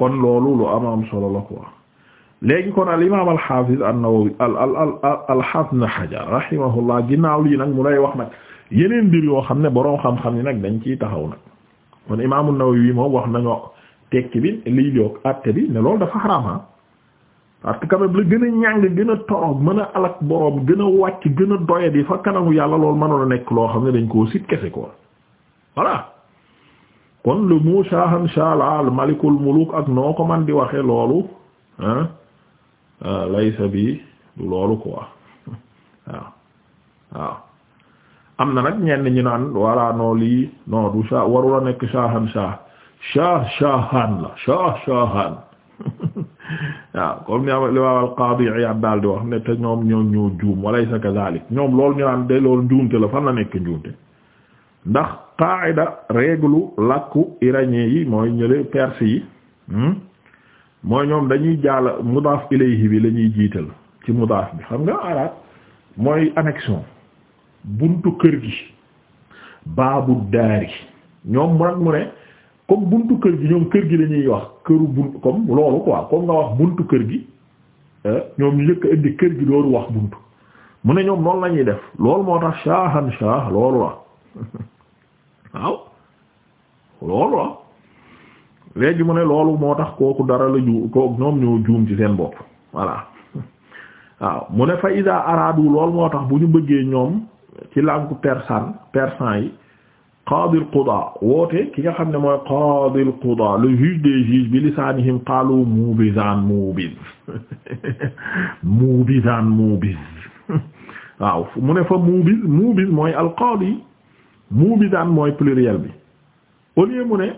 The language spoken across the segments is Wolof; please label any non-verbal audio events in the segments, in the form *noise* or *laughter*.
kon loolu lu am am solo la quoi léegi kon al imaam al xaafiz an-Nawawi al al al al na Hajar rahimahullah ginaaw lii nag mu lay wax nag yeneen mbir yoo xam ne boroom xam-xam yi nag dañ ciy taxaw nag kon imaam an-Nawawi moom wax nañoo tekki bi li yokk àtte bi ne loolu dafa xaraama ah. parce que la gën a ñàng gën a toroog mën a alak boroom gën a wàcc gën a doyadi fa kanamu yàlla lool mën a nekk loo xam ne dañ koo sit kese quoi voilà. kon le mot shahan shaal malikul muluk ak noo ko man di waxe loolu hein ah, laysa bi du loolu quoi waaw waaw am na nag ñenn ñi naan walla noo lii non du sha warula nekk shahan shah shah shahan la shah shahan *laughs* waaw comme ni am li waawal Qaadi Iyaad daal di wax ne ñoom ñoo ñoo juum walaysa kadhalik ñoom loolu ñu naan de loolu njuumte la fan la nekk njuumte ndax qaida règle làkku iranien yi mooy ñële perse yi hmm? mooy ñoom dañuy jaala mudaaf ilayhi bi la ñuy jiital ci mudaaf bi xam nga araab mooy annexion buntu kër gi baabu daari ñoom mu mu ne comme buntu kër gi ñoom kër gi lañuy ñuy wax këru buntu comme loolu quoi comme nga wax buntu kër gi eh, ñoom ñu njëkk indi kër gi loolu wax buntu mu ne ñoom loolu la def loolu moo tax shaahan shaah loolu la *laughs* waaw loolu la léegi mu ne loolu moo tax kooku dara la ju kook ñoom ñoo juum ci seen bopp voilà *laughs* waaw mu ne fa ida araadu loolu moo tax bu ñu bëggee ñoom ci langue persane persan yi qaadil qudaa woote ki nga xam ne mooy qaadil qudaa le juge des juges bi lisaanihim qaalu muubizaan muubiz muubizaan muubiz waaw mu ne fa muubiz muubiz mooy alqaadi mu muubidaan mooy pluriel bi au lieu mu ne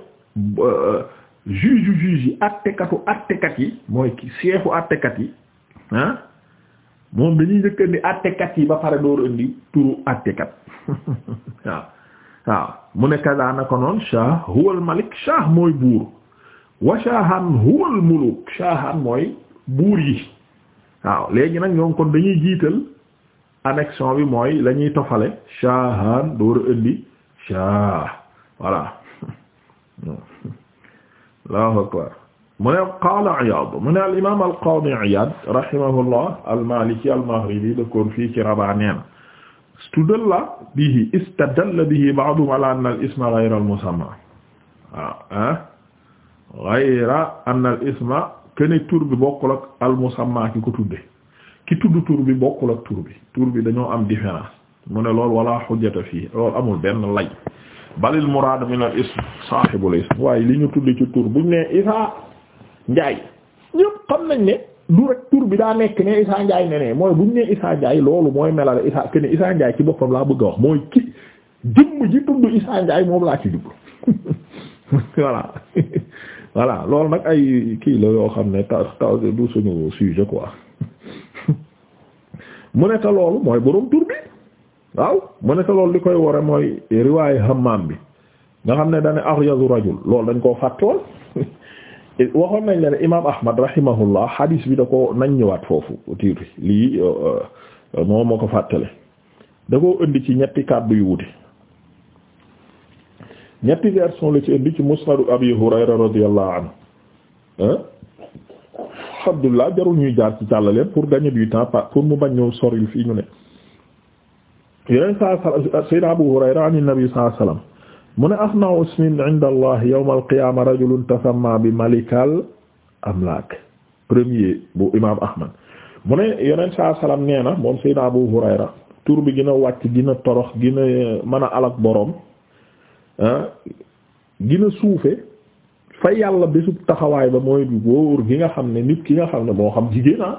euh, juge juge yi attekatu attekat yi mooy seexu attekat yi moom dañuy njëkk indi yi ba pare door indi turu attekat *laughs* waaw waaw mu ne kaza naka noon shah huwal malik shah mooy buur wa shahan huwal muluk shahan mooy buur yi waaw léegi nag ñoom kon dañuy jiital annexion bi mooy la ñuy tofale shahan door a indi shah voilà Allahu akbar mu ne qaala Iyaad mu ne al imaam al qaadi Iyaad rahimahullah al maaliki al maghribi dëkkoon fii ci Rabat nee na istadalla bihi istadalla bihi ba'duhum ala anna al isma ghayra al musamma ah ghayra anna al isma kenn tur bi bokkul ak al musamma ki ko tudde ki tudd tur bi bokkul ak tur bi tur bi dañoo am différence mu ne lool wala xujjata fii loolu amul benn lay balil muraad min al ism sahibul ism waaye li ñu tudd ci tur buñ ne Isa Njaay ñëpp xam nañ ne du rek tur bi daa nekk ne Isa Njaay ne ne mooy buñ ne Isa Njaay loolu mooy melale Isa ke ne Njaay ci boppam laa bëgg a wax mooy ki jëmm ji tudd Isa Njaay moom laa ci jublu *laughs* voilà *laughs* voilà loolu nag ay kii la yoo xam ne ta ta du suñu sujet mu ne te loolu mooy boroom tur bi waaw mu ne te loolu li koy ware mooy riwaayu Hammaam bi nga xam ne dañ ne aghyadu rajul loolu dañ koo fàtte *laughs* waxoon nañ leen imaam Ahmad rahimahullah hadis bi da ko nañ ñëwaat foofu tuuti lii euh, euh, moom moo ko fàttale da koo indi ci ñetti kàddu yu wuute ñetti version la ci indi ci musnadu Abi Hurayra radiyallahu anhu alhamdulilah jarul ñuy jaar ci càllale pour gagner du temps pour mu bañ ñëw soril fii ñu ne yeneen saa sa sayyid Abu Hurayra an nabi sallallahu alayhi wasallam mu ne asna'u ismin 'inda Allah yawm al-qiyamah rajulun tasamma bi malikal amlak premier bu imam Ahmad mu ne yeneen saa salaam nee na moom sayyid Abu Hurayra tur bi gën a wàcc gën a torox gën a mën a alak boroom ah gën a suufe fa yàlla bésub taxawaay ba mooy góor gi nga xam ne nit ki nga xam ne moo xam jigéen ah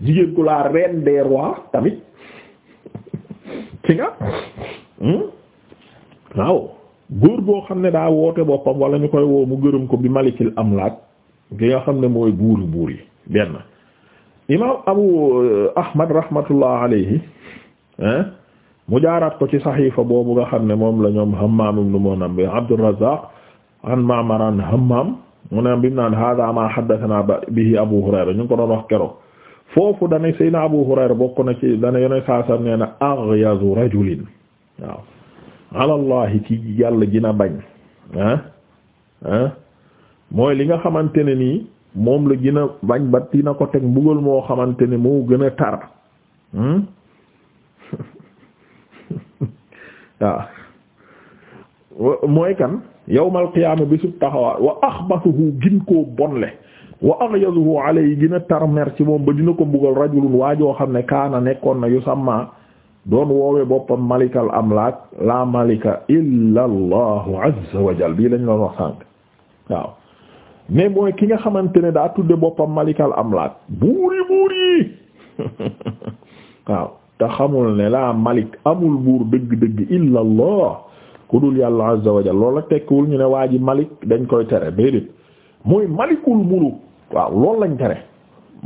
jigéen ku laa reine des rois tamit ci nga hmm? waaw góor boo xam ne daa woote boppam wala ñu koy woo mu gërëm ko bi malikil amlaak ki nga xam ne mooy buuri buur yi benn imaam abu euh, ahmad rahmatullah alayhi mu jaaraat ko ci saxiifa boobu nga xam ne moom la ñoom hammaam ibn munam bi abdurrazzaq an Ma'mar an Hammam mu ne bim naan hada ma haddathana bihi Abu Hurayra ñu ngi ko doon wax keroog foofu dane Seydina Abu Hurayra bokk na ci dane yoneen saasam nee na aghyazu rajulin waaw ala ci yàlla gina bañ mooy li nga xamante ne nii moom la gi a bañ ba dina ko teg mbugal moo xamante ne moo gën a tar hmm? *laughs* mooy kan yawmal qiyaama bésub taxawaat wa axbasuhu gin koo bonle wa aghyadhuhu alayhi gën a ci moom ba dina ko buggal mbugal rajulun waajoo xam ne kaana nekkoon na yu yusamma doon woowe boppam malikal amlaak la malika illa allahu azza wa jal bii lañ doon wax sànq waaw mais mooy ki nga xamante ne daa tudde boppam malikal am buur yi buur *laughs* waaw te xamul ne la malik amul buur dëgg-dëgg illa allah ku dul yàlla azza wa jalla loolu la tekkiwul ñu ne waa ji malik dañ koy tere déedéet mooy malikul muluk waaw lool lañ tere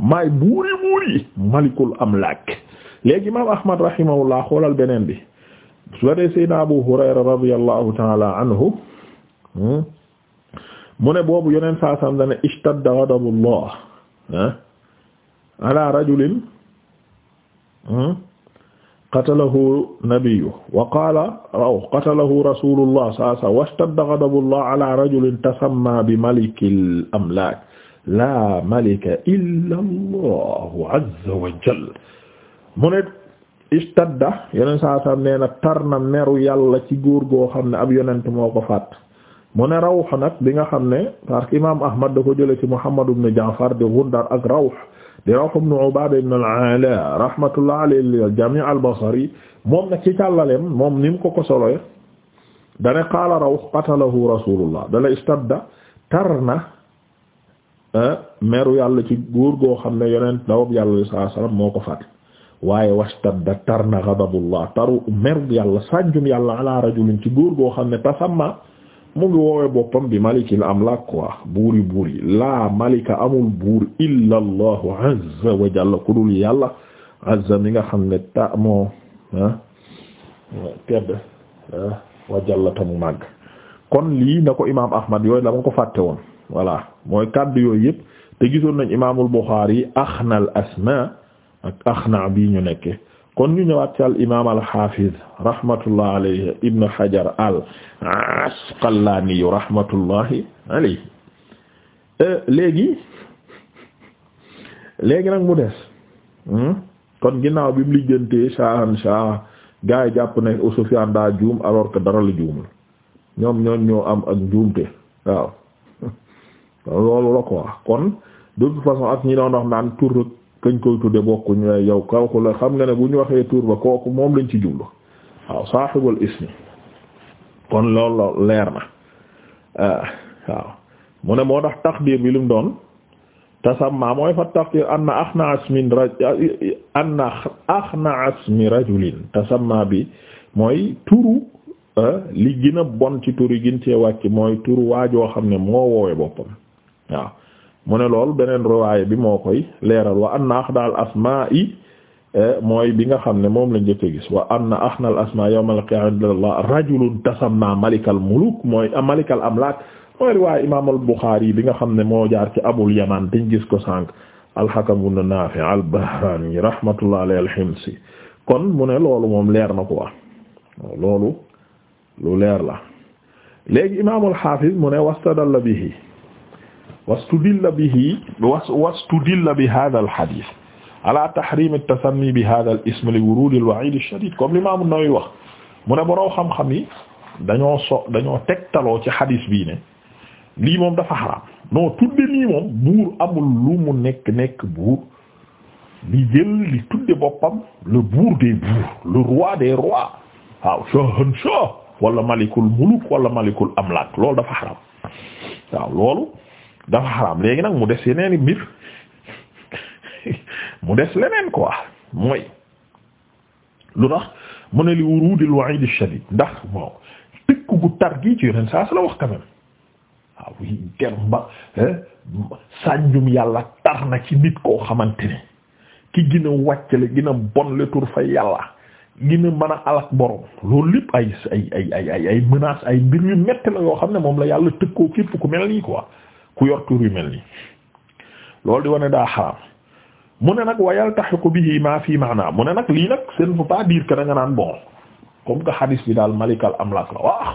maay buuri buuri malikul amlaak léegi imaam ahmad rahimahullah xoolal beneen bi su dee sayyidina abu hurayra radiyallahu ta'ala anhu hmm? mu ne boobu yeneen saa sam dane ishtadda ghadabullah eh? ala rajulin hmm? qatalahu nabiyu wa qaala raw qatalahu rasulullah saa saa washtadda ghadabullah ala rajulin tasamma bi malikil amlaak laa malika illa allahu azza wa jal mu ne ishtadda yeneen saa saa nee na tar na meru yàlla ci góor goo xam ne ab yonent moo ko faat mu ne rawx nag bi nga xam ne parce que imaam Ahmad da ko jële ci Muhammad ibn Jaafar di Gundar ak rawx di Rawh ibn Ubaada ibn al-Alaa rahmatullah alayhi al-Jaami' al-Basri moom nag ci moom ni mu ko ko soloyee dane qaala Rawh qatalahu Rasuulullah dala istabda tar na eh, meru yàlla ci góor goo xam ne yonent dawab yàlla sallallahu alayhi wasallam moo ko faat waaye wastabda tar na ghadabullah taru meru yàlla sànjum yàlla ala rajulin ci góor goo xam tasamma mu ngi woowee boppam bi malikil amlak quoi buuri buur yi laa malika amul buur illa allahu azza wa jalla ku dul yàlla azza mi nga xam ne ta moo ah, tedd ah, wa jalla tamu màgg kon lii na ko imaam ahmad yooyu la ko fàtte woon voilà mooy kàddu yooyu yëpp te gisoon nañ imaamul buxaari axna al asma ak axna bi ñu nekke kon ñu ñëwaat ci al imaam al xaafiz rahmatullah alayhi ibn hajar al asqalaani rahmatullahi alayhi euh, léegi léegi nag mu des hmm? kon ginnaaw bi mu lijjantee shaahan shaah yi jàpp ne Sufyaan daa juum alors que dara la juum ñoom ñoon am ak njuumte waaw *laughs* loolu la quoi kon de toute façon ak ñi doon wax naan tur kañ koy tudde bokkuñ waaye yow kooku la xam nga ne bu ñu waxee tuur ba kooku moom lañ ci jublu waaw saaxibul ismi kon loolu leer na ah, waaw mu ne moo tax taqdir bi lim doon tasamma mooy fa taqdir anna axna asmin raj anna asmi rajulin tasamma bi mooy turu ah, li gën a bon ci tur gin gën cee wàcc mooy turu waajoo xam ne moo woowe boppam waaw mu ne loolu beneen riwaaya bi moo koy leeral wa anna axna al asmaa'i e, mooy bi nga xam ne moom lañ njëkk gis wa anna axna al asmaa yawm al qiyaama rajulun tasamma malikal muluk mooy malikal amlaak mooy riwaaya imaam al buxaari bi nga xam ne moo jaar ci abul yamaan dañ gis ko sànq alxakam ibn naafi al bahraani rahmatullah alayhi al himsi kon mu ne loolu moom leer na ko wax loolu lu leer la léegi imaamul xaafiz mu ne wastadalla bihi wastudilla bihi wastudilla bi hadha al hadith ala tahrim at-tasanni bi hadha al ism li wurud al wa'id ash-shadid comme l'imam an-Nawawi wax mu ne boroo xam-xam yi dañoo so dañoo tegtaloo ci hadith bii ne lii moom dafa xaraam non tudde nii moom buur amul lu mu nekk nekk buur li jël li tudde boppam le buur des buurs le roi des rois waaw shahan shah wala malikul muluk wala malikul amlak loolu dafa xaraam waaw loolu dafa xaraam léegi nag mu des yeneen i mbir mu des leneen quoi mooy lu tax mu ne li wurudil wa'id ash-shadid ndax bon tëkk gu tar gi ci yeneen saa si la wax quand même waaw ter ba sànjum yàlla tar na ci nit koo xamante ne ki gën a wàccale gina a bon le tur fa yàlla gën a mën a alak borom loolu lépp ay ay ay ay ay menaces ay mbir yu metti la yoo xam ne moom la yàlla tëkkoo képp ku mel nii ko ku yor yu mel nii loolu di wane daa xaraam mu ne nag wa yaltahiqu bihi ma fi maana mu ne nag lii nag seen ne veut pas dire naan bon comme que hadis bi daal malikal amlak la wax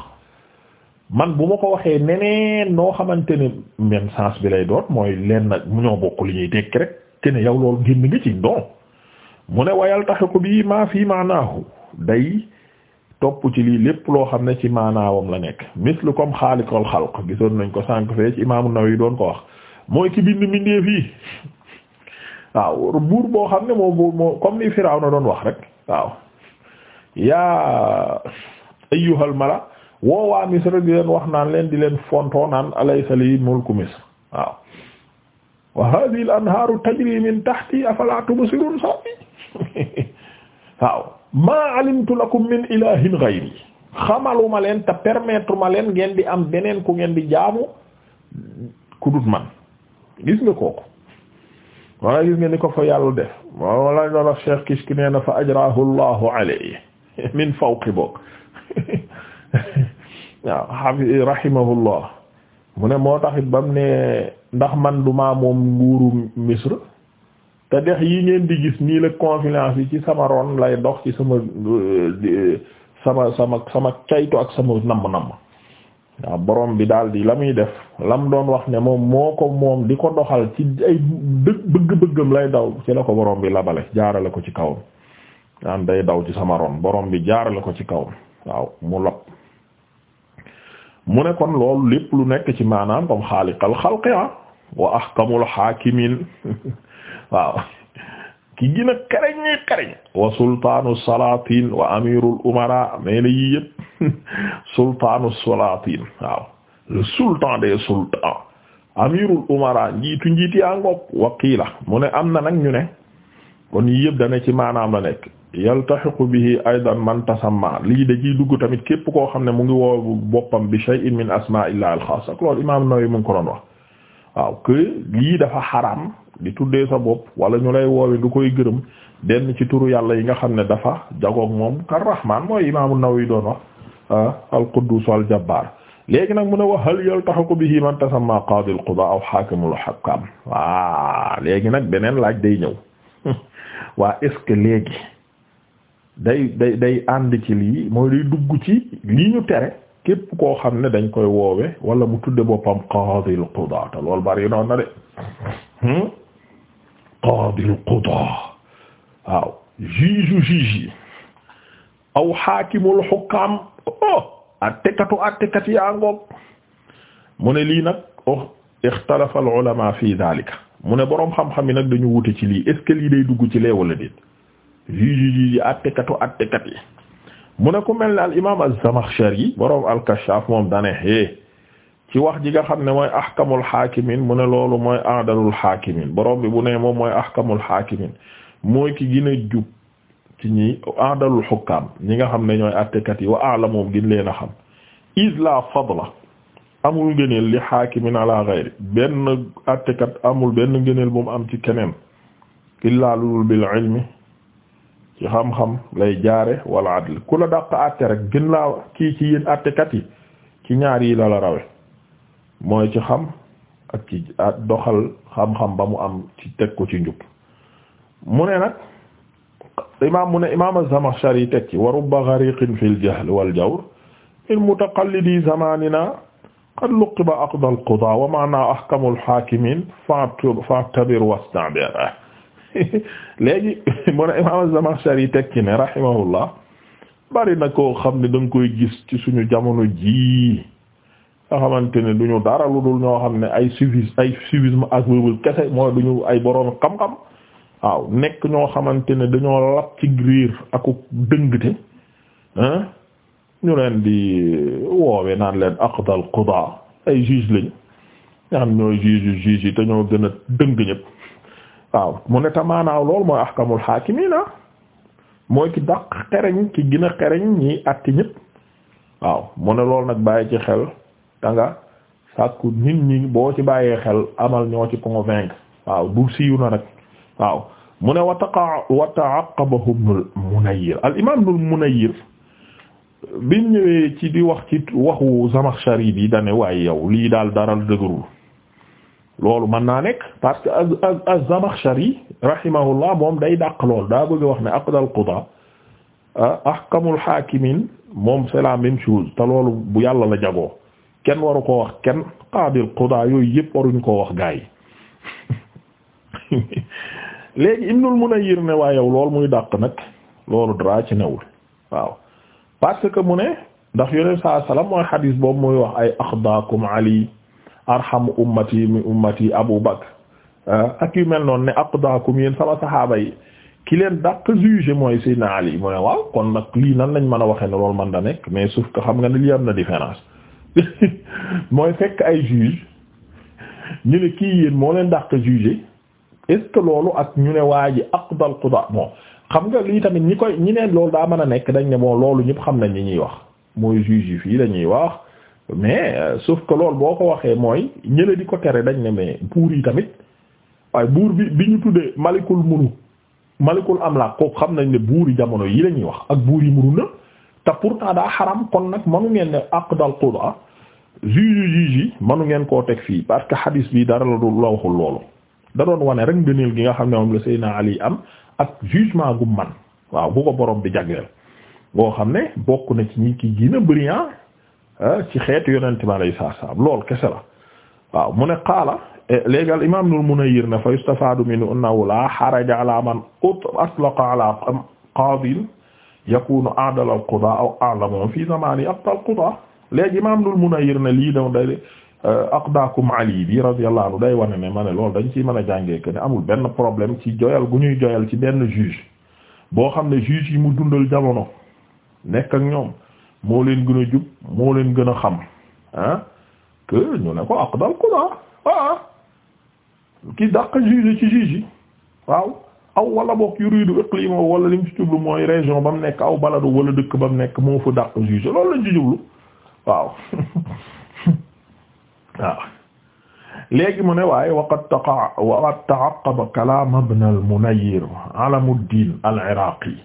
man bu ma ko waxee neneen noo xamante ne même sens bi lay doon mooy leen nag mu ñoo bokk li ñuy tekki rek te ne yow loolu génn nga ci don mu ne wa yaltahiqu bihi ma fi maanaahu day topp ci lii lépp loo xam ne ci maanaawam la nekk mislu comme xaalikol xalq gisoon nañ ko sànq fee ci imaamu Nawawi doon ko wax mooy ki bind mbindeef yi *laughs* waaw buur boo xam ne moo moo comme ni Firawna doon wax rek waaw yaa ayyuhal mala woowaa Misra di leen wax naan leen di leen fontoo naan alaysa li mulku Misr waaw wa hadhihi al anhaaru tajri min tahti afala tubsirun sax *laughs* waaw maa alimtu lakum min ilahin ghayri xamaluma leen te permettre ma leen ngeen di am beneen ku ngeen di jaamu ku dut man gis nga kooku wala gis nga ni ko fa yàlla def wala doon wax Cheikh Kishki nee na fa ajrahu llahu alayhi *laughs* *laughs* mu ne moo taxit bam ne ndax man du maa moom nguuru Misr te dex yi ngeen di gis nii la confiance yi ci sama ron lay dox ci sama sama sama sama caytu ak sama namm-namm waaw borom bi daal di la muy def lam doon wax ne moom moo ko moom di ko doxal ci ay bëgg-bëggam lay daw ci la ko borom bi labale jaarale ko ci kawam daan day daw ci sama ron borom bi jaarale ko ci kawam waaw mu lab mu ne kon loolu lépp lu nekk ci maanaam comme xaaliqal xalqi ah. wa ahkamul hakimin waaw ki gën a xereñ ñi xereñ wa sultaanu wa amirul umara mais na yii yëpp *laughs* sultaanu salatin waaw le sultan njiitu njiit yaa ngoog waqiila mu ne am na nag ñu ne kon yii yëpp dana ci maanaam la nekk yaltaxiqu bi aidan man tasamma lii da ciy dugg tamit képp koo xam ne mu ngi woo boppam bi shay'in min asma'illah al-xaas ak loolu imaam Nawawi mu ngi ko waaw que lii dafa xaraam di tuddee sa bopp wala ñu lay woowe du koy gërëm denn ci turu yàlla yi nga xam ne dafa jagoog moom kar rahmaan mooy imaamu Nawawi doon wax ah, al quddus léegi nag mu ne wax hal yaltahaku bihi man tasamma qaadi al qudaa aw haakimul hukam waa léegi nag beneen laaj day ñëw *laughs* waa est léegi day day day ànd ci lii mooy day dugg ci lii ñu tere képp koo xam ne dañ koy woowe wala mu tudde boppam qaadil qudaa te loolu bari noonu na de hmm? qaadil qudaa waaw juge juge yi aw xaakimul xukkaam oh attekatu attekat yaa ngoog mu ne lii nag oh ixtalafa al fi daalika mu ne boroom xam-xam yi nag dañu wute ci lii est-ce day dugg ci lee wala déet juge juge yi attekatu mu ne ku mel ne al imaam az-Zamakhshari borom al-Kashaf moom dane hee ci wax ji nga xam ne mooy ahkamul hakimin mu ne loolu mooy adalul hakimin borom bi bu ne moom mooy ahkamul hakimin mooy ki gën a jub ci ñi adalul hukam ñi nga xam ne ñooy attekat yi wa a'lamu moom gën leen a xam iz la fadla amul ngëneel li hakimin ala ghayri benn attekat amul benn ngëneel bu mu am ci keneen illaa lul bil ilmi ci xam-xam lay jaare wala adl ku la dàq àtte rek gën laa kii ci yéen àttekat yi ñaar yi la la rawe mooy ci xam ak ci doxal xam-xam ba mu am ci teg ko ci njub mu ne nag imaam mu ne imaam az-Zamakhshari teg ci wa rubba ghariqin fil jahl wal jawr zamanina qad luqiba aqda qudaa wa ma'na ahkamu al-haakimin fa'tabir wastabir *laughs* léegi *laughs* mu ne imaam Zamakhshari teg ci ne rahimahullah bari na koo xam ne da koy gis ci suñu jamono jii nga xamante ne duñu ñu dara lu dul ñoo xam ne ay suffis ay suffisme ak wéwul kese mooy du ay boroom xam-xam waaw nekk ñoo xamante ne dañoo lap ci riir aku dëngte ñu leen di woowe naan leen aqdal qudaa ay juge lañu nga xam ñooy juge juge yi te ñoo gën a dëng ñëpp waaw mu ne tamaanaaw lool mooy ahkamul haakimiina mooy ki daq xereñ ki gën a xereñ ñi atti ñëpp waaw mu ne lool nag bàyyi ci xel da nga sàkku nit ñi boo ci bàyyee xel amal ñoo ci convaincre waaw du siiw na nag waaw mu ne wa taqa wa ta'aqqabahu ibnul Munayyir al imaam ibnul Munayyir biñ ñëwee ci di wax ci waxu Zamakhshari bi dane waaye yow lii daal daral dëgërul loolu mën naa nekk parce que az-Zamakhshari rahimahullah moom day dàq loolu daa bëgg wax ne aqdal qudaa ahkamul haakimiin moom c'est la même chose te loolu bu yàlla la jagoo kenn waru ko wax kenn qaadil qudaa yooyu yëpp waruñ koo wax gaa yi *laughs* léegi Ibnul Munayyir ne waa yow loolu muy dàq nag loolu dara ci newul waaw parce que mu ne ndax yoneen saa salaam mooy xadiis boobu muy wax ay axdaakum Ali arhamu ummati mi ummati Abu Bakr ah, ak yu mel noonu ne aqdaakum yéen sama saxaaba yi ki leen dàq jugé mooy naa lii mu ne waaw kon nag lii nan lañ mën a waxee ne loolu man da nekk mais sauf que xam nga ne lii am na différence *laughs* mooy fekk ay juge ñu ne kii yéen moo leen dàq jugé est-ce loolu ak ñu ne waa ji aqdal qudaa bon xam nga lii tamit ñi koy ñi ne loolu daa mën a nekk dañ ne bon loolu ñëpp xam nañ ñi ñuy wax mooy juge yi fii dañuy wax mais euh, sauf que lool boo ko waxee mooy ñële di ko tere dañ ne mais buur yi tamit waaye buur bi bi ñu tuddee malikul munu malikul amlak kooku xam nañ ne buur yi jamono yi la ñuy wax ak buur yi munu na te pourtant daa xaram kon nag manu ngeen ne aqdal quda juge juge yi manu ngeen koo teg fii parce que hadis bi dara la du la waxul loolu da doon wane rek ngëneel gi nga xam ne moom la Seydina Ali am ak jugement gu man waaw bu ko borom bi jagleel boo xam ne bokk na ci ñi ki gën a Ah, ci xeet yonente mi alayhi salaatu salaam lool kese la waaw mu ne qaala eh, léegi al imaam Ibnul Munayyir ne fa yustafaadu minhu annahu laa haraja alaa man atlaqa alaa qaadin yakuunu a'dala al-qudaa aw a'lamahum fii zamaanihi aqdaa al-qudaa léegi imaam Ibnul Munayyir ne lii da day eh, aqdaakum Ali bi radiyallahu day wane ne ma ne loolu dañ ciy mën a jàngee que ne amul benn problème ci joyal gu ñuy joyal ci ben juge boo xam ne juge yi mu dundal jamono nekk ak ñoom. moo leen gën a jub moo leen gën a xam ah que ñu ne ko aqdal qudaa ah ki dàq juge ci juge yi waaw aw wala bokk yuridu iqlima wala li mu ci jublu mooy région ba mu nekk aw baladu wala dëkk ba mu nekk moo fa dàq juge loolu lañ ci jublu waaw *laughs* waaw léegi mu ne waaye waqad taqa waqad taqaba kalam ibn al-Munayyir alamuddin al-Iraqi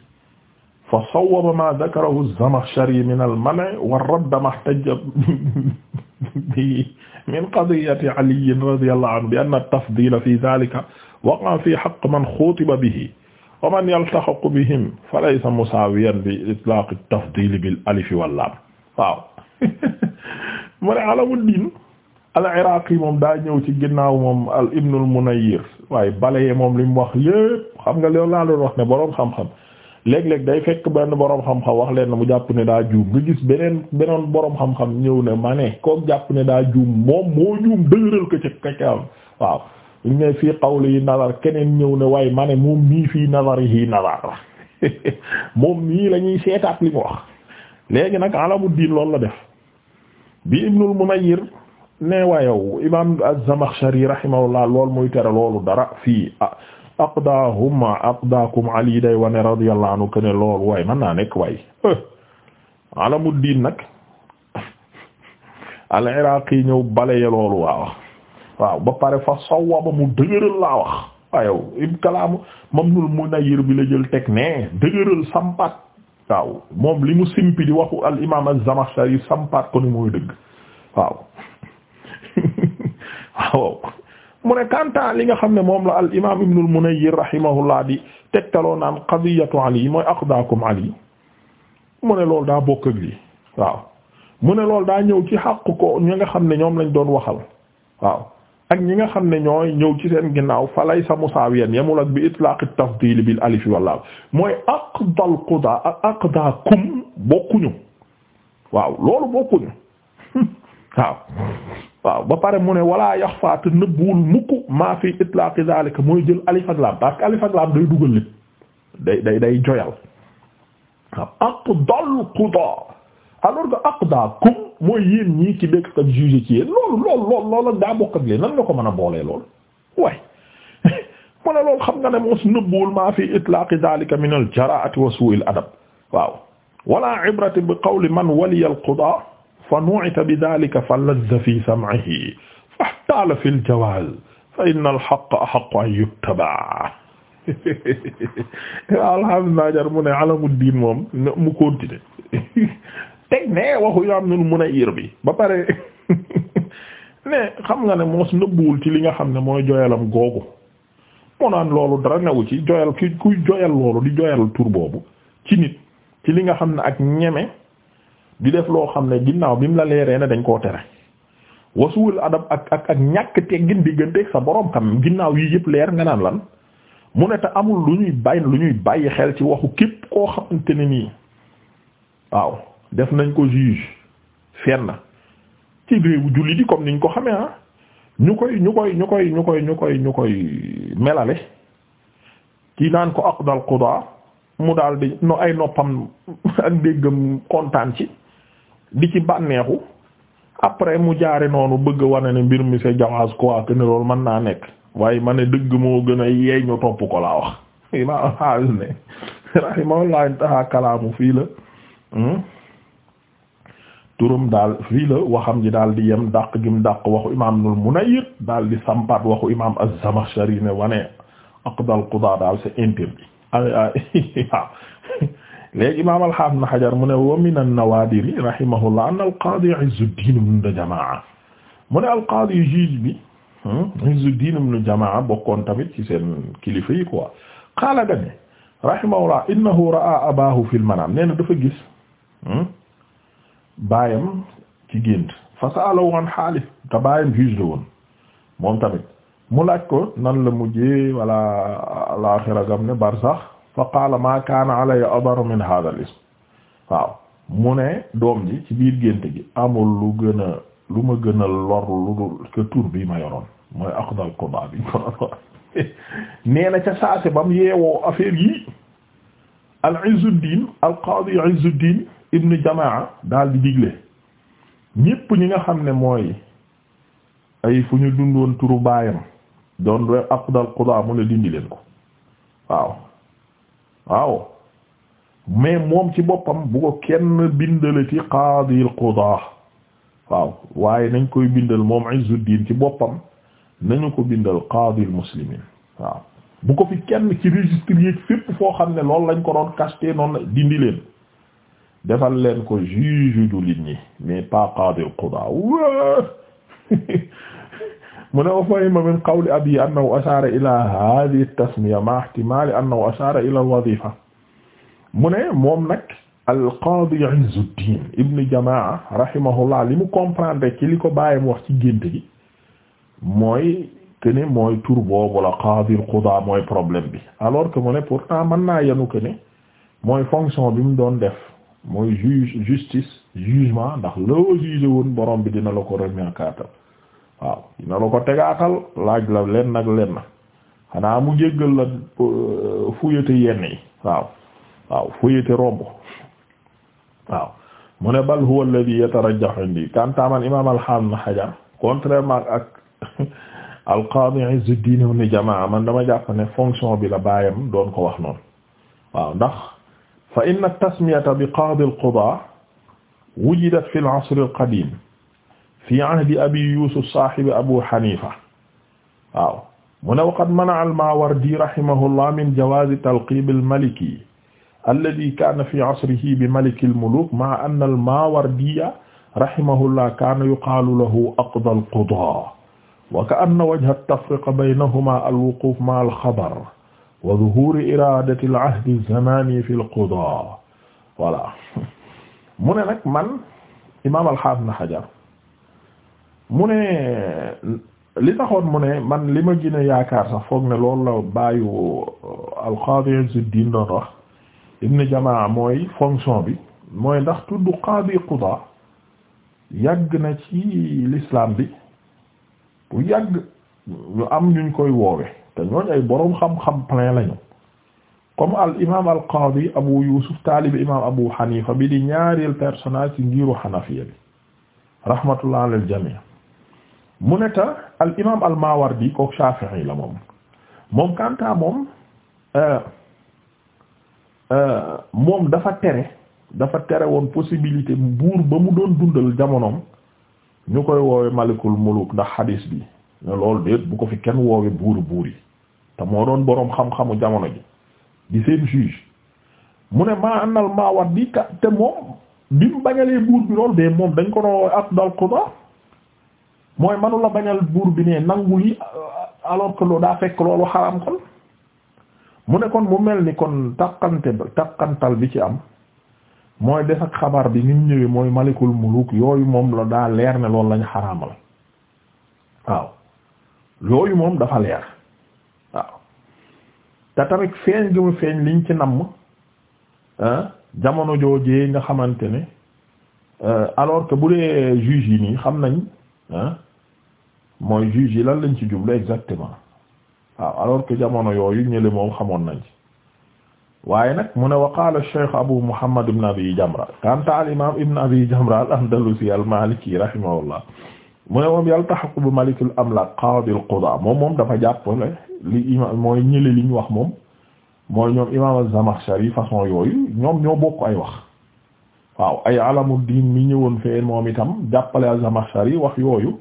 fa sawwaba ma dakarahu az-Zamakhshari min al-man' wa radda ma ihtajja bihi min qadiyyati Ali radiyallahu anhu bi anna at-tafdila fi dhalika waqa'a fi haqqi man khutiba bihi wa man yaltahiqu bihim falaysa musawiyan bi itlaq at-tafdil bil alif wal lam waaw *laughs* mu ne Alamuddin al-Iraqi moom daa ñëw ci ginnaaw moom al Ibn al-Munayyir waaye balaye moom li mu wax yépp xam nga loolu laa doon wax ne boroom xam-xam léeg-léeg day fekk benn borom xam-xam wax leen na mu jàpp ne daa juum nga gis beneen benoon boroom xam-xam ñëw ne ma ne kook jàpp ne daa juum moom moo juum dëgëral ko ci kacam waaw ñu ne fii xawli yi nazar keneen ñëw ne waaye mane ne moom mii fii nazar yi nazar *laughs* moom mii lañuy ñuy seetaat li mu wax léegi nag Alamuddin loolu la def bi Ibnul Munayyir ne waayow imam Az-Zamakhshari rahimahullah lool muy tere loolu dara fii ah, aqdaahum aqdaakum ali day wane radiyallahu anhu que ne loolu waaye mën naa nekk waaye *laughs* alamuddin nag *laughs* al iraqi ñëw balaye loolu waa wax waaw ba pare fa sawaba mu dëgëral laa wax waayow im kalaamu mamnul munayir bi la jël teg ne dëgëral sampat waaw moom li mu simpi di waxu al imam az-Zamakhshari sampat ko ni mooy dëgg waaw *laughs* waaw mu ne kanta li nga xam ne moom la al imam ibn al munayyir rahimahullah di tegtaloo naan qadiyatu ali mooy aqdaakum ali mu ne loolu daa bokk ak lii waaw mu ne loolu daa ñëw ci xàq ko ñi nga xam ne ñoom lañ doon waxal waaw ak ñi nga xam ne ñooy ñëw ci seen ginnaaw falay sa musaawiyan yemul ak bi itlaaq tafdil bil alif walla mooy aqdal qudaa ak aqdaakum bokkuñu waaw loolu bokkuñu *laughs* waaw waaw ba pare mu ne wala yaxfa te nëbbuwul mukk maa fi itlaaq zalika mooy jël alif ak laam parce que alif ak day dugal lépp day day day joyal waaw aqdal quda alors ki aqda kum mooy yéen ñii ci békk ak juge ci yéen loolu loolu loolu loolu ak daa bokk ak leen nan nga ko mën a boolee loolu waaye *laughs* mu ne loolu xam nga ne mos nëbbuwul maa fi itlaaq zalika min al jaraati wa su'il adab waaw wala ibrati bi qawli man waliya al quda fa nu'ita bi dhalika fa lazza fi sam'ihi fahtaala fi al-jawaaz fa inna al-haqqa ahaqqu an yuttaba *laughs* alhamdulillah jar mu ne Alamuddiin moom mu continuer *laughs* teg ne waxu Imaam Ibnul Munayir bi ba pare mais *laughs* xam nga ne moos nëbbuwul ci li nga xam ne mooy joyalam googu moo naan loolu dara newu ci joyal ki kuy joyal loolu di joyal tur boobu ci nit ci li nga xam ne ak ñeme di def loo xam ne ginnaaw bi mu la leeree ne dañ koo tere wasuwul adab ak ak ak ñàkk teggin digganteeg sa borom kam ginnaaw yi yëpp leer nga naan lan mu ne te amul lu ñuy bàyyi lu ñuy bàyyi xel ci waxu képp koo xamante ne nii waaw def nañ ko juge fenn ci réewu julli di comme niñ ko xamee ah ñu koy ñu koy ñu koy ñu koy ñu koy ñu koy melale kii naan ko aqdal quda mu daal di no ay noppam ak déggam kontaan ci di ci bànneexu après mu jaare noonu bëgg wane ne mbir mi c'est jawaaz quoi que ne loolu mën naa nekk waaye ma ne dëgg moo gën a yeey topp ko laa wax *laughs* imam xaafis ne rahimahullah kalaamu fii la hmm? turum daal fii la waxam ji daal di yem dàq gi mu dàq waxu imam nul Munayyir daal di sampat waxu imam az-Zamakhshari wane aqdal qudaa daal c'est interdit *laughs* ah, ah, *laughs* ah. léegi imaam al-Haafiz Ibn Hajar mu ne wa min an-nawaadiri rahimahullah anna al-qaadi Izzuddin ibn Jamaa mu ne al-qaadi juge bi hmm, Izzuddin ibn Jamaa bokkoon tamit ci seen kilifa yi quoi qaala dane rahimahullah innahu ra'a abaahu fil manaam nee na dafa gis hmm, baayam ci gént fa sa'alahu an haalihi te baayam juge la woon moom tamit mu laaj ko nan la mujjee wala al-aaxira gam ne barsax fa qaala ma kaana alayya adaru min hadha al mu ne doom ji ci biir génte gi amul lu gën a lu ma gën a lor lu dul que tur bi ma yoroon mooy aqdal qudaa bi *laughs* nee na ca saase bam yeewoo affaire yi al Izzuddin al qaadi Izzuddin ibn Jamaa daal di digle ñépp ñi nga xam ne mooy ay fu ñu dundoon turu baayam doon doon aqdal qudaa mu ne dindi leen ko waaw waaw mais moom ci boppam bu ko kenn bindale ci qaadil qudaa waaw waaye nañ koy bindal moom Izzuddin ci boppam nañu ko bindal qaadil muslimin waaw bu ko fi kenn ci registre fépp foo xam ne loolu lañ ko doon casté noonu dindi leen defal leen ko juge du nit ñi mais pas qaadil qudaa *laughs* mu ne wa fahima min qawli abi annahu ashaara ila hadhihi tasmiya ma ihtimali annahu ashaara ila alwadifa mu ne moom nag alqaadi Izzuddin ibn Jamaa rahimahullah li mu comprendre ci li ko bàyyam wax ci gént gi mooy que ne mooy tur boobu la qaadi al-Qudaa mooy problème bi alors que mu ne pourtant mën naa yenu que ne mooy fonction bi mu doon def mooy juge justice jugement ndax loo juge woon borom bi dina la ko remercier waaw dina la tegaatal laaj la len nag len na mu jéggal la euh, fuyete yenn yi waaw waaw fuyete romb waaw mu ne bal huwa alladhi yatarajjahu indi kantaaman imam alxaam na xajar contrairement ak *laughs* al-Qadi Izzuddin ibn Jamaa man dama jàpp fonction bi la baayam doon wax noonu waaw ndax fa inna tasmiyata bi qaadi al-qudaa wujidat fi al-asr al-qadiim fi ahdi abi yusuf sahibi abu hanifa waaw mu ne waqad mana al-Maawardi rahimahullah min jawaazi talqiib al-maliki alladi kaana fi asrihi bi maliki al-muluuk ma'a anna al-Maawardiya rahimahullah kaana yuqaalu lahu aqdaa al-qudaa wa ka'anna wajha at-tafriqa baynahumaa al-wuquuf ma'a al-xabar wa zuhuuri iraadati al-ahdi az-zamaani fi al-qudaa voilà *laughs* mu ne nag man imaam al-Haafiz Ibn Hajar mu ne li taxoon mu ne man li ma gën yaakaar sax foog ne loolu la bàyyu euh, al-Qadi Izzuddin doon wax Ibn Jamaa mooy fonction bi mooy ndax tudd Qadi Qudaa yàgg na ci lislaam bi bu yàgg ñu am ñuñ koy woowe te ñooñ ay boroom xam-xam plein lañu comme al imaam al qaadi abu yusuf taalib imaam abu hanifa bi di ñaareel personnage ci ngiru hanafiya bi rahmatullah alal jamii mu ne ta al imaam al Maawardi ko Shaafi'i la moom moom Kantaa moom euh, euh, moom dafa tere dafa tere woon possibilité buur ba mu doon dundal jamonoom ñu koy woowe malikul muluk ndax xadiis bi ne loolu déet bu ko fi kenn woowe buuru buur yi te moo doon boroom xam-xamu jamono ji di seen juge mu ne maa annal Maawardi te moom bi mu bañalee buur bi lool de moom dañ ko doon afdal qudaa mooy manu la bañal buur bi ne nangu li euh, alors que loolu daa fekk loolu xaram kon mu ne kon mu mel ni kon takkante takkantal bi ci am mooy def ak xabar bi ni ñëwee mooy malikul muluk yooyu moom la daa leer ne loolu lañu xaraamal waaw yooyu moom dafa leer waaw te tamit feeñ gi mu feeñ liñ ci namm jamono joojee nga xamante ne euh, alors que bu dee juge yi nii xam nañ mooy juge yi lan lañ ci jublu exactement waaw alors que jamono yooyu ñële moom xamoon nañ ci waaye nag mu ne wa qaala Cheikh Abu Muhammad ibn Abi Jamra kanta al imam ibn Abi Jamra al Andalusi al Maliki rahimahullah mu ne moom yaltaxaqu bi Malik al Amlak qaadi al Qudaa moom moom dafa jàppale li imam mooy li ñu wax moom mooy ñoom imam az-Zamakhshari façon yooyu ñoom ñoo bokk ay wax waaw ay alamu diin mi ñëwoon feen moom itam jàppale az-Zamakhshari wax yooyu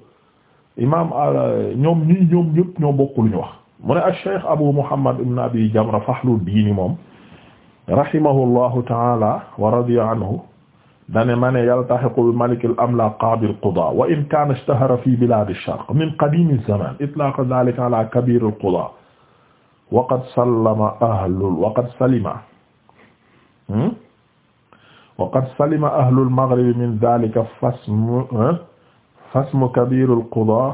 imaam euh, ñoom ñii ñoom ñëpp ñoo bokk lu ñu wax mu ne ash-shaykh abu muhammad ibn abi jamra faxlu diini moom rahimahullahu taala wa radiya anhu dane ma ne yaltahiqu bi malik al-amla qaadi al-qudaa wa in kaana ishtahara fi bilaad ash-sharq min qadiim az-zamaan itlaaq dhaalika ala kabiir al-qudaa wa qad sallama ahlul wa qad salima hmm? wa qad salima ahlul maghribi min dhaalika fasmu eh? xasmu kabirul qudaa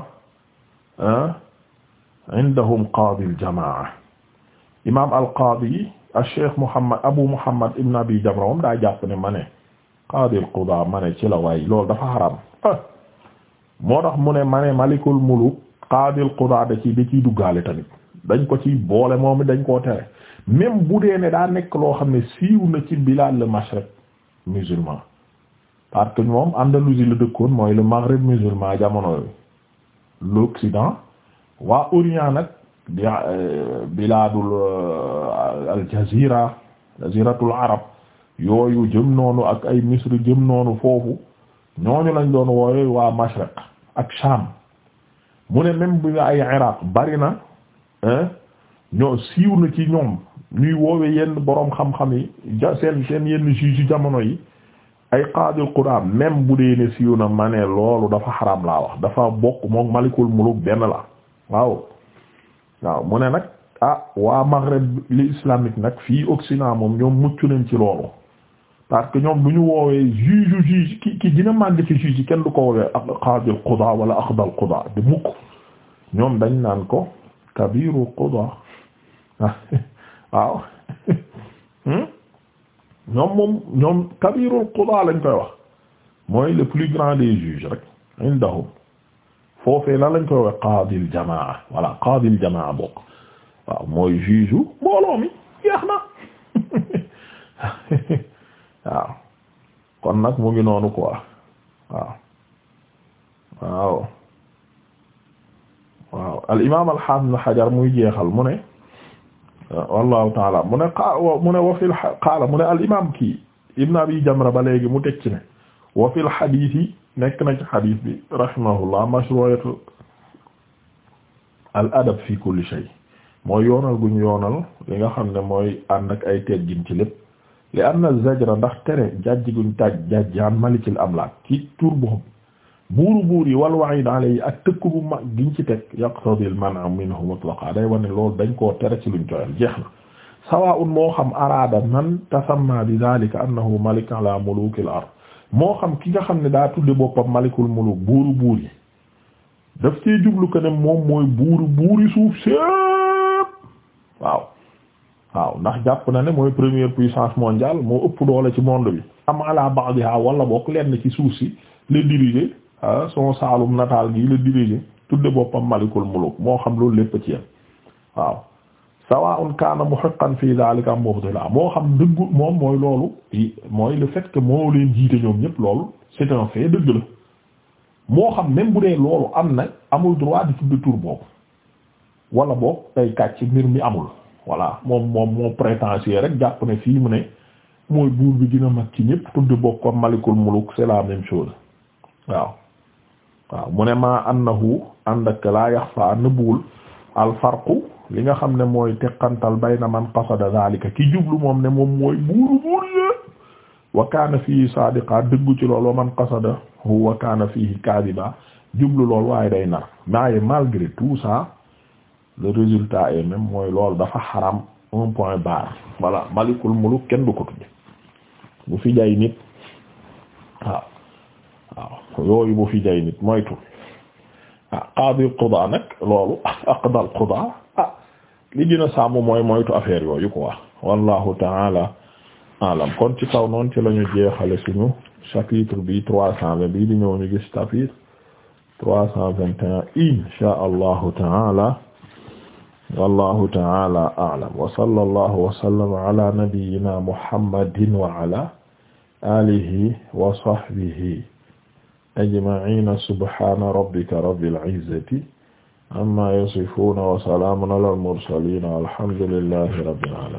indahum qaadil jamaa imaam alqaadi acheikh Muhammad abu Muhammad ibn abi Jamra moom daa ne ma ne qaadil qudaa ci la waay loolu dafa xaram moo tax mu ne ma ne malikul muluk qaadil qudaa da ci da dañ ko ci boole moom dañ koo tere même bu dee ne daa nekk loo xam ne siiw na ci bilaad al mashriq musulman parce que moom Andalousie la dëkkoon mooy le Maghreb musulman jamono yooyu l'Occident waa Orient nag euh, bilaadul euh, aljazira jaziratul arab yooyu jëm noonu ak ay Misr jëm noonu foofu ñooñu lañ doon woowe waa Mashriq ak Sham mu ne même ay Iraq bari na ñoo siiw na ci ñoom ñuy woowe yenn boroom xam-xam yi ja seen seen yenn juge jamono yi ay qaadil quraab même bu dee ne siiw na ma ne loolu dafa xaram laa wax dafa bokk moom malikul muluk benn la waaw waaw mu ne nag ah waa maghreb li islamique nag fii Occident moom ñoom mucc nañ ci loolu parce que ñoom du ñu woowee juge juge ki ki dina màgg ci juge kenn du ko woowee qaadil qudaa wala aqdal qudaa di mukk ñoom dañ naan ko kabiru qudaa *laughs* waaw *laughs* hmm? ñoom moom ñoom kabirul qudaa lañ koy wax mooy le plus grand des juges rek indahum foofee la lañ koy wax qaadil jamaa voilà qaadil jamaa bokk mooy juge u yeex na *laughs* waaw kon nag mu ngi noonu quoi waaw waaw waaw al imaam al haafiz hajar muy jeexal mu ne wallahu taala mu ne qa mu ne wa fil qaala mu ne al imam kii ibn abi ba léegi mu teg ci ne wa fil hadith yi nekk na ci hadith bi rahimahullah mashru'atu al fi kulli shay mooy yoonal guñ yoonal li nga xam ne mooy ànd ak ay teggin ci lépp li zajra ndax tere jajji guñ taj jajjaan malikil amlaak ci tur boobu buuru buur yi wal wa'id yi ak tëkk bu mag giñ ci teg yaqtadi al man'a minhu mutlaqa day wane lool dañ koo tere ci luñ coyal jeex na sawaa'un moo xam araada man tasamma bi dhalika annahu malik ala mulukil ard moo xam ki nga xam ne daa tudde boppam malikul muluk buuru buur yi daf cee jublu ko ne moom mooy buuru buuri suuf sépp waaw waaw ndax jàpp na ne mooy première puissance mondiale moo ëpp doole ci monde bi am ala ba'diha wala bokk lenn ci suuf si le diriger Ah, son saalum nataal gi la dirigé tudde boppam malikul muluk moo xam loolu lépp ci yam waaw sawaa'un kaana muhiqqan fi dhalika muhdila moo xam dëggu moom mooy loolu mooy le fait moo leen jiite ñoom ñëpp loolu c'est un fait dëgg la moo xam même bu dee loolu am na amul droit di tudde tur boobu wala boog day kàcc mbir mi amul voilà moom moom moo prétentieux rek jàpp ne fii mu ne mooy buur bi dina mag ci ñëpp tudde boppam malikul muluk c'est la même waaw mu ne maa annahu ànd ak laa yaxfa nëbbuwul al farqu li nga xam ne mooy teqantal bayna man qasada zalika ki jublu moom ne moom mooy buuru buur yee wa kaana fii sadiqa dëggu ci lool wa man qasada hu wa kaana fii kaadiba jublu lool waaye day nar maaye malgré tout ça le résultat est même mooy loolu dafa xaram un point barre voilà malikul muluk kenn du ko tudde bu fi nit waaw waaw yooyu bu fi jay nit moytu ah qaadi qudaa nag loolu aqdal qudaa ah li gën a sàmm moytu affaire yooyu quoi wallahu taala alam kon ci kaw noonu ci la ñu jeexale suñu chapitre bi trois cent vingt bii di ñëw ñu gis chapitre trois cent vingt et un insha allahu taala wallahu taala alam wa sallallahu wa sallama ala nabiyyina muhammadin ajma'ina subhana rabbika rabbil izzati amma yasifuna wa salamun alal mursalin walhamdulillahi rabbil alamin